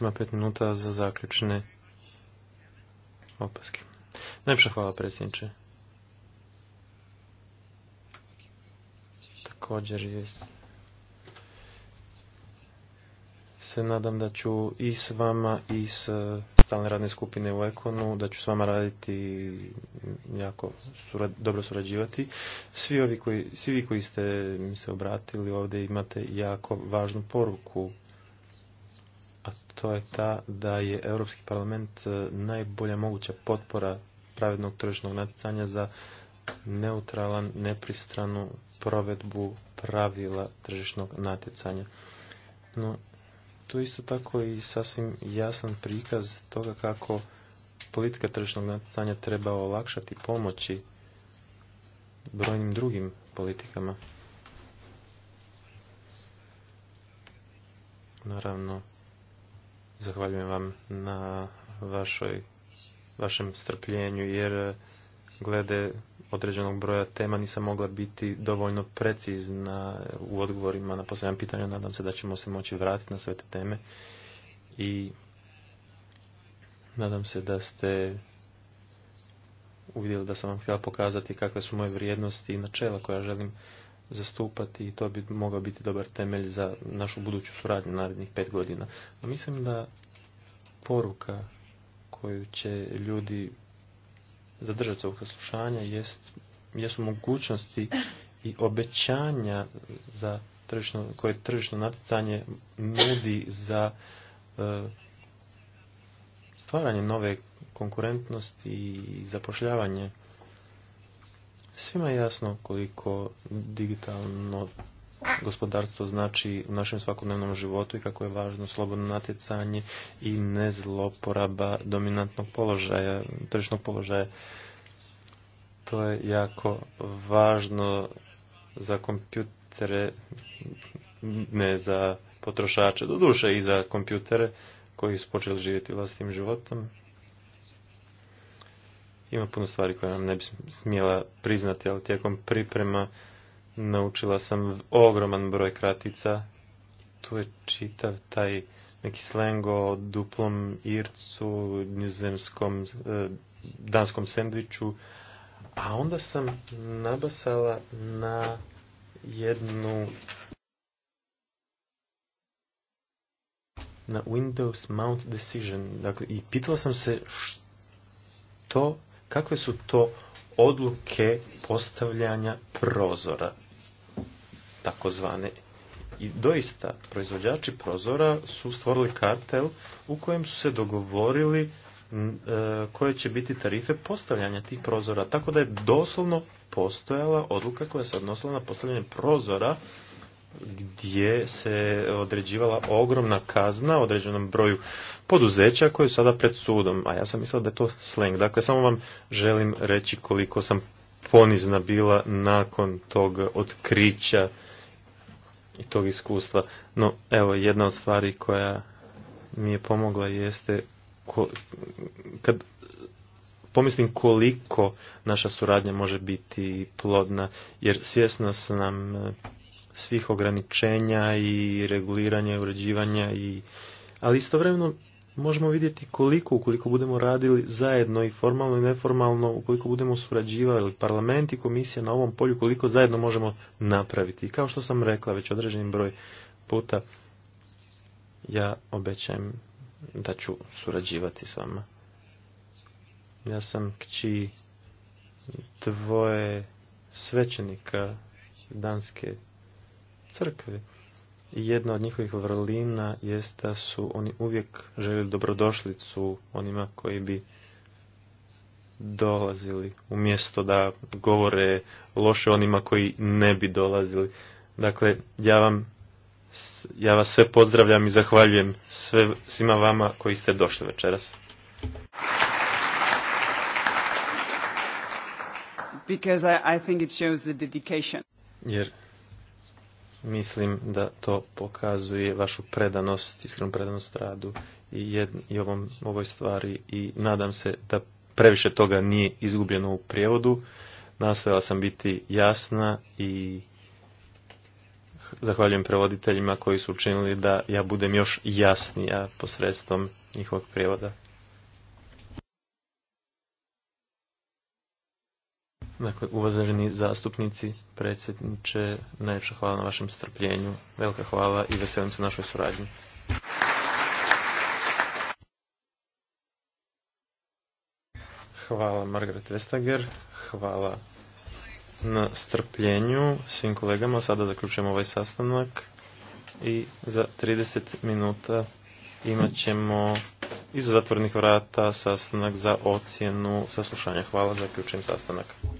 ima pet minuta za zaključne opaske. Najpša hvala predsjedniče. Također je se nadam da ću i s vama i s e, stalne radne skupine u Ekonu, da ću s vama raditi jako dobro surađivati. Svi, ovi koji, svi vi koji ste mi se obratili ovdje imate jako važnu poruku a to je ta da je Europski parlament e, najbolja moguća potpora pravednog tržišnog natjecanja za neutralan, nepristranu provedbu pravila tržišnog natjecanja. No, tu isto tako i sasvim jasan prikaz toga kako politika tržišnog natjecanja treba olakšati pomoći brojnim drugim politikama. Naravno, Zahvaljujem vam na vašoj, vašem strpljenju jer glede određenog broja tema nisam mogla biti dovoljno precizna u odgovorima na posljednje pitanje. Nadam se da ćemo se moći vratiti na sve te teme i nadam se da ste uvidjeli da sam vam htjela pokazati kakve su moje vrijednosti i načela koja želim zastupati i to bi mogao biti dobar temelj za našu buduću suradnju narednih pet godina. mislim da poruka koju će ljudi zadržati ovog slušanja jest, jesu mogućnosti i obećanja za tržišno, koje tržišno natjecanje nudi za e, stvaranje nove konkurentnosti i zapošljavanje Svima je jasno koliko digitalno gospodarstvo znači u našem svakodnevnom životu i kako je važno slobodno natjecanje i ne nezloporaba dominantnog položaja, tržišnog položaja. To je jako važno za kompjutere, ne za potrošače, doduše i za kompjutere koji su počeli živjeti vlastitim životom, ima puno stvari koje nam ne bi smjela priznati, ali tijekom priprema naučila sam ogroman broj kratica. Tu je čitav taj neki slengo, o duplom ircu, nizozemskom, e, danskom sendviču. A onda sam nabasala na jednu na Windows Mount Decision. Dakle, i pitala sam se što Kakve su to odluke postavljanja prozora, takozvane i doista proizvođači prozora su stvorili kartel u kojem su se dogovorili e, koje će biti tarife postavljanja tih prozora. Tako da je doslovno postojala odluka koja se odnosila na postavljanje prozora gdje se određivala ogromna kazna određenom broju poduzeća koji su sada pred sudom, a ja sam mislila da je to sleng. Dakle, samo vam želim reći koliko sam ponizna bila nakon tog otkrića i tog iskustva. No, evo, jedna od stvari koja mi je pomogla jeste ko, kad pomislim koliko naša suradnja može biti plodna, jer svjesna sam nam svih ograničenja i reguliranja i uređivanja i ali istovremeno možemo vidjeti koliko ukoliko budemo radili zajedno i formalno i neformalno ukoliko budemo surađivali parlament i komisija na ovom polju koliko zajedno možemo napraviti i kao što sam rekla već određeni broj puta ja obećajem da ću surađivati s vama ja sam kći dvoje svećenika danske crkve. Jedna od njihovih vrlina jest da su oni uvijek željeli dobrodošlicu onima koji bi dolazili, umjesto da govore loše onima koji ne bi dolazili. Dakle, ja vam ja vas sve pozdravljam i zahvaljujem sve, svima vama koji ste došli večeras. Because I, I think it shows the dedication. Jer Mislim da to pokazuje vašu predanost, iskrenu predanost radu i, i ovom, ovoj stvari i nadam se da previše toga nije izgubljeno u prijevodu. Nastavila sam biti jasna i zahvaljujem prevoditeljima koji su učinili da ja budem još jasnija posredstvom njihovog prijevoda. Dakle, uvaženi zastupnici, predsjedniče, najveća hvala na vašem strpljenju, velika hvala i veselim se našoj suradnji. Hvala Margaret Vestager, hvala na strpljenju svim kolegama. Sada zaključujemo ovaj sastanak i za 30 minuta imat ćemo iz zatvornih vrata sastanak za ocjenu saslušanja. Hvala, zaključujem sastanak.